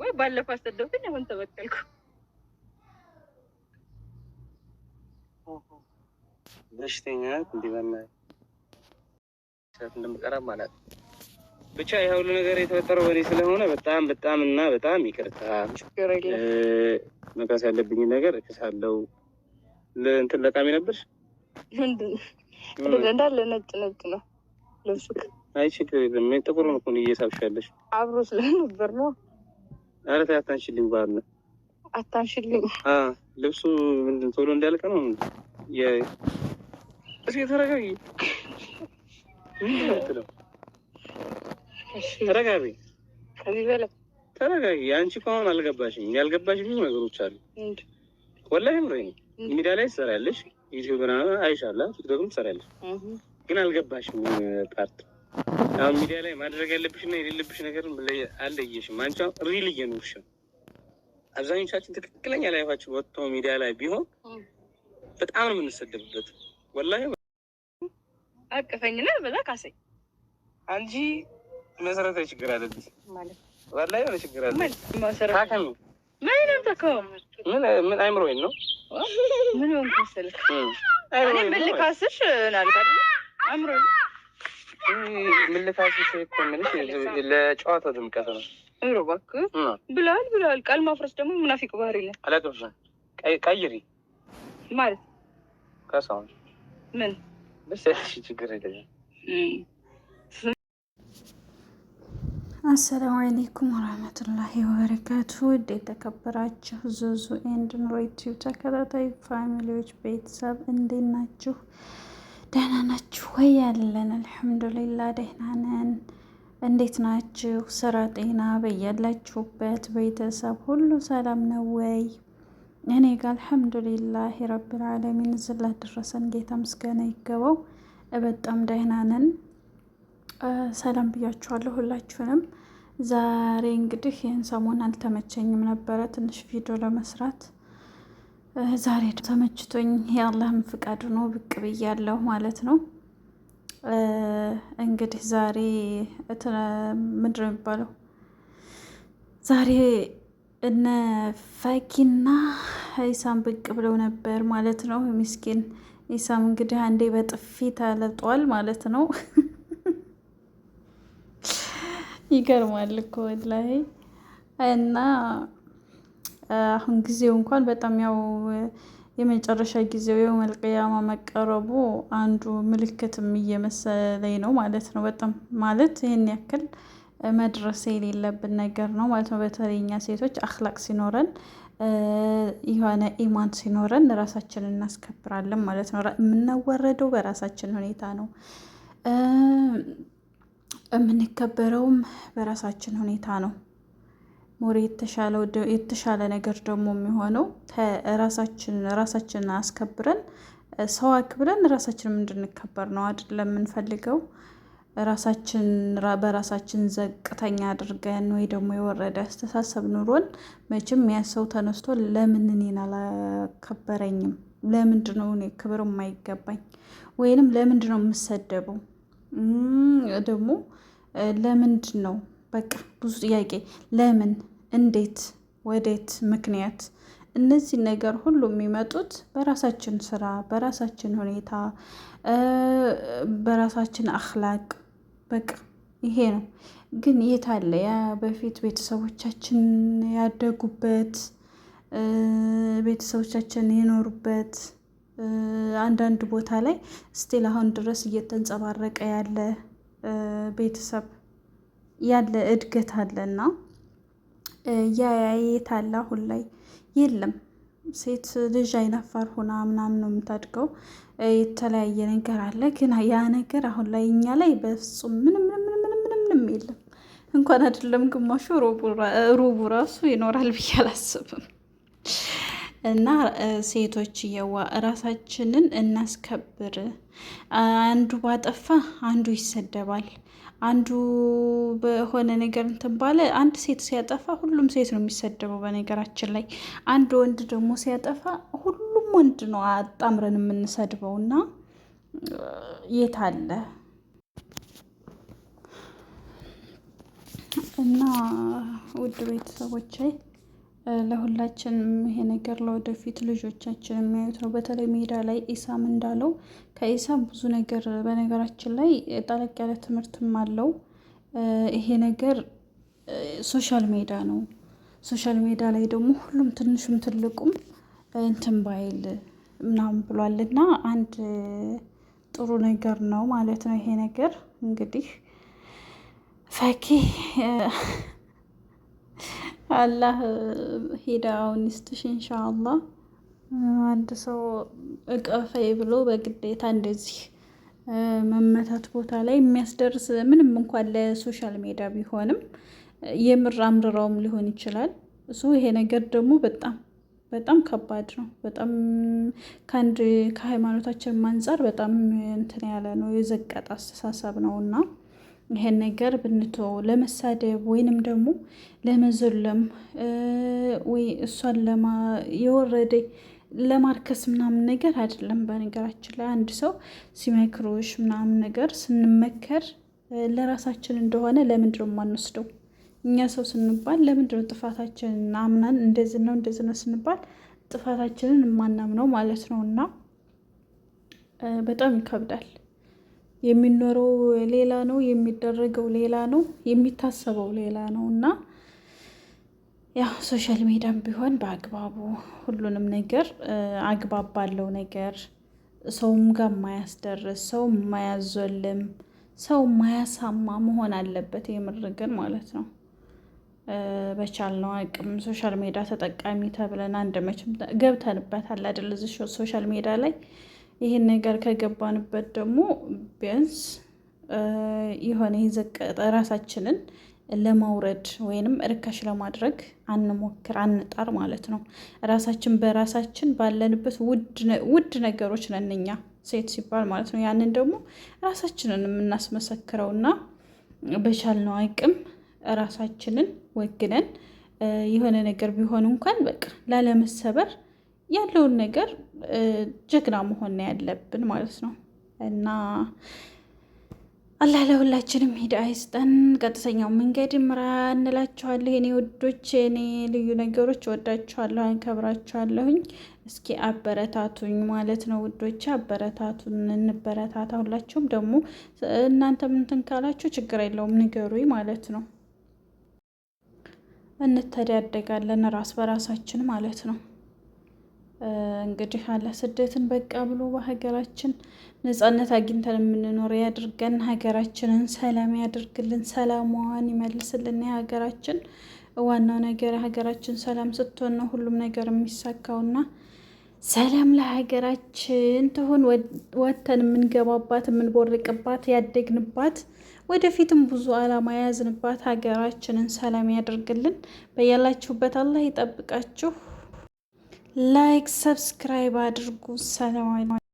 ወይ ባለፈው አሰደብከኝ፣ አሁን ተበቀልኩ። በሽተኛ እንደምቀራም ማለት ብቻ ይሄ ሁሉ ነገር የተፈጠረው በእኔ ስለሆነ በጣም በጣም እና በጣም ይቅርታ። መካስ ያለብኝ ነገር እክሳለሁ። እንትን ለቃሚ ነበርሽ እንዳለ ነጭ ነጭ ነው ለብሱክ አይ ችግር የለም። ጥቁር ነው እኮ አብሮ ስለነበር ነው። ኧረ ተይ አታንሽልኝ፣ ነው አታንሽልኝ። ልብሱ ምንድን ቶሎ እንዳልቀ ነው። እስኪ ተረጋቢ፣ ተረጋቢ፣ ተረጋጊ። አንቺ እኮ አሁን አልገባሽም። ያልገባሽ ብዙ ነገሮች አሉ። ወላሂ ምሬ ሚዲያ ላይ ትሰሪያለሽ፣ ዩቲዩብ አይሻላ፣ ቲክቶክም ትሰሪያለሽ ግን አልገባሽም ፓርት አሁን ሚዲያ ላይ ማድረግ ያለብሽና የሌለብሽ ነገር አልለየሽም። አንቺ ሪል እየኖርሽ ነው። አብዛኞቻችን ትክክለኛ ላይፋችን ወጥቶ ሚዲያ ላይ ቢሆን በጣም ነው የምንሰደብበት። ወላሂ አቅፈኝና በዛ ካሰኝ አንቺ መሰረታዊ ችግር አለብሽ። ወላሂ የሆነ ችግር አለብሽ። ምን ምን አይምሮዬን ነው ምን ሆንክ መሰለህ እኔ ምን ልካስሽ ናልካ ምልታሽ ለጨዋታ ድምቀት ነው። ኧረ እባክህ ብለሃል ብለሃል። ቃል ማፍረስ ደግሞ ምናፊቅ ባህሪ ነው። አላገብሽም። ቀይሪ ማለት ከሰው ምን በሰሽ ችግር የለም። አሰላሙ ወራህመቱላሂ ወበረካቱ። ውድ የተከበራችሁ ዙዙ ኤንድ ኑሮ ዩቲዩብ ተከታታይ ፋሚሊዎች ቤተሰብ እንዴት ናችሁ? ደህና ናችሁ ወይ? ያለን አልሐምዱሊላ ደህና ነን። እንዴት ናችሁ? ስራ፣ ጤና በያላችሁበት ቤተሰብ ሁሉ ሰላም ነው ወይ? እኔ ጋ አልሐምዱሊላህ ረብል ዓለሚን ዝላ ደረሰን። ጌታ ምስጋና ይገባው። በጣም ደህና ነን። ሰላም ብያችኋለሁ ሁላችሁንም። ዛሬ እንግዲህ ይህን ሰሞን አልተመቸኝም ነበረ ትንሽ ቪዲዮ ለመስራት ዛሬ ተመችቶኝ የአላህም ፍቃድ ሆኖ ብቅ ብያለሁ ማለት ነው። እንግዲህ ዛሬ ምንድን ነው የሚባለው? ዛሬ እነ ፈኪና ኢሳም ብቅ ብለው ነበር ማለት ነው። ሚስኪን ኢሳም እንግዲህ አንዴ በጥፊ ተለጧል ማለት ነው። ይገርማል እኮ ወላሂ እና አሁን ጊዜው እንኳን በጣም ያው የመጨረሻ ጊዜው የውመል መቀረቡ አንዱ ምልክትም እየመሰለኝ ነው ማለት ነው። በጣም ማለት ይህን ያክል መድረስ የሌለብን ነገር ነው ማለት ነው። በተለይኛ ሴቶች አክላቅ ሲኖረን የሆነ ኢማን ሲኖረን ራሳችንን እናስከብራለን ማለት ነው። የምናወረደው በራሳችን ሁኔታ ነው። የምንከበረውም በራሳችን ሁኔታ ነው። ሞሬ የተሻለ ነገር ደግሞ የሚሆነው ራሳችን ራሳችንን አስከብረን ሰው አክብረን ራሳችንም እንድንከበር ነው አድር ለምንፈልገው ራሳችን በራሳችን ዘቅተኛ አድርገን ወይ ደግሞ የወረደ አስተሳሰብ ኑሮን መቼም ያ ሰው ተነስቶ ለምን እኔን አላከበረኝም? ለምንድን ነው እኔ ክብር የማይገባኝ? ወይንም ለምንድን ነው የምሰደበው? ደግሞ ለምንድን ነው በቃ ብዙ ጥያቄ ለምን፣ እንዴት፣ ወዴት፣ ምክንያት እነዚህ ነገር ሁሉ የሚመጡት በራሳችን ስራ፣ በራሳችን ሁኔታ፣ በራሳችን አክላቅ በቃ ይሄ ነው። ግን የት አለ ያ በፊት ቤተሰቦቻችን ያደጉበት ቤተሰቦቻችን የኖሩበት አንዳንድ ቦታ ላይ ስቲል አሁን ድረስ እየተንጸባረቀ ያለ ቤተሰብ ያለ እድገት አለና ያያየት አለ። አሁን ላይ የለም። ሴት ልጅ አይናፋር ሆና ምናምን ነው የምታድገው። የተለያየ ነገር አለ፣ ግን ያ ነገር አሁን ላይ እኛ ላይ በፍጹም ምንም ምንም የለም። እንኳን አይደለም ግማሹ ሩቡ ራሱ ይኖራል ብዬ አላስብም። እና ሴቶች የዋ እራሳችንን እናስከብር። አንዱ ባጠፋ አንዱ ይሰደባል። አንዱ በሆነ ነገር እንትን ባለ አንድ ሴት ሲያጠፋ ሁሉም ሴት ነው የሚሰደበው። በነገራችን ላይ አንድ ወንድ ደግሞ ሲያጠፋ ሁሉም ወንድ ነው አጣምረን የምንሰድበው። እና የት አለ እና ውድ ቤተሰቦች ለሁላችንም ይሄ ነገር ለወደፊት ልጆቻችን የሚያዩት ነው። በተለይ ሜዳ ላይ ኢሳም እንዳለው ከኢሳም ብዙ ነገር በነገራችን ላይ ጠለቅ ያለ ትምህርትም አለው። ይሄ ነገር ሶሻል ሜዳ ነው። ሶሻል ሜዳ ላይ ደግሞ ሁሉም ትንሹም ትልቁም እንትን ባይል ምናምን ብሏል እና አንድ ጥሩ ነገር ነው ማለት ነው። ይሄ ነገር እንግዲህ ፈኪ አላህ ሂዳውን ይስጥሽ ኢንሻአላህ። አንድ ሰው እቀፈይ ብሎ በግዴታ እንደዚህ መመታት ቦታ ላይ የሚያስደርስ ምንም እንኳን ለሶሻል ሜዲያ ቢሆንም የምር አምርረውም ሊሆን ይችላል። እሱ ይሄ ነገር ደግሞ በጣም በጣም ከባድ ነው። በጣም ከአንድ ከሃይማኖታችንም አንጻር በጣም እንትን ያለ ነው የዘቀጠ አስተሳሰብ ነው እና ይሄን ነገር ብንተው ለመሳደብ ወይንም ደግሞ ለመዘለም ወይ እሷን ለማ የወረደ ለማርከስ ምናምን ነገር አይደለም። በነገራችን ላይ አንድ ሰው ሲመክሮሽ ምናምን ነገር ስንመከር ለራሳችን እንደሆነ ነው የማንወስደው? እኛ ሰው ስንባል ለምንድነው ጥፋታችንን አምናን እንደዚህ ነው እንደዚህ ነው ስንባል ጥፋታችንን የማናምነው ማለት ነው። እና በጣም ይከብዳል። የሚኖረው ሌላ ነው፣ የሚደረገው ሌላ ነው፣ የሚታሰበው ሌላ ነው እና ያው ሶሻል ሚዲያም ቢሆን በአግባቡ ሁሉንም ነገር አግባብ ባለው ነገር ሰውም ጋር የማያስደርስ ሰው የማያዞልም ሰው የማያሳማ መሆን አለበት። የምርግን ማለት ነው በቻልነው አቅም ሶሻል ሚዲያ ተጠቃሚ ተብለን አንድ መቼም ገብተንበታል አይደል? ሶሻል ሚዲያ ላይ ይህን ነገር ከገባንበት ደግሞ ቢያንስ የሆነ የዘቀጠ ራሳችንን ለማውረድ ወይንም እርካሽ ለማድረግ አንሞክር፣ አንጣር ማለት ነው። ራሳችን በራሳችን ባለንበት ውድ ነገሮች ነን እኛ ሴት ሲባል ማለት ነው። ያንን ደግሞ ራሳችንን የምናስመሰክረውና በቻልነው አቅም ራሳችንን ወግነን የሆነ ነገር ቢሆን እንኳን በቃ ላለመሰበር ያለውን ነገር ጀግና መሆን ነው ያለብን ማለት ነው እና አላህ ለሁላችንም ሂዳ ይስጠን፣ ቀጥተኛው መንገድ ምራ እንላችኋለሁ። የኔ ውዶች፣ የኔ ልዩ ነገሮች ወዳችኋለሁ፣ አንከብራችኋለሁኝ። እስኪ አበረታቱኝ ማለት ነው ውዶች፣ አበረታቱን፣ እንበረታታ። ሁላችሁም ደግሞ እናንተ ምንትን ካላችሁ ችግር የለውም ንገሩኝ ማለት ነው። እንተዳደጋለን ራስ በራሳችን ማለት ነው። እንግዲህ አላ ስደትን በቃ ብሎ በሀገራችን ነጻነት አግኝተን የምንኖር ያድርገን። ሀገራችንን ሰላም ያድርግልን፣ ሰላሟን ይመልስልን። የሀገራችን ዋናው ነገር የሀገራችን ሰላም ስትሆን ነው ሁሉም ነገር የሚሳካውና ሰላም ለሀገራችን ትሆን ወተን የምንገባባት የምንቦርቅባት ያደግንባት ወደፊትም ብዙ ዓላማ የያዝንባት ሀገራችንን ሰላም ያደርግልን። በያላችሁበት አላህ ይጠብቃችሁ። ላይክ ሰብስክራይብ አድርጉ። ሰላም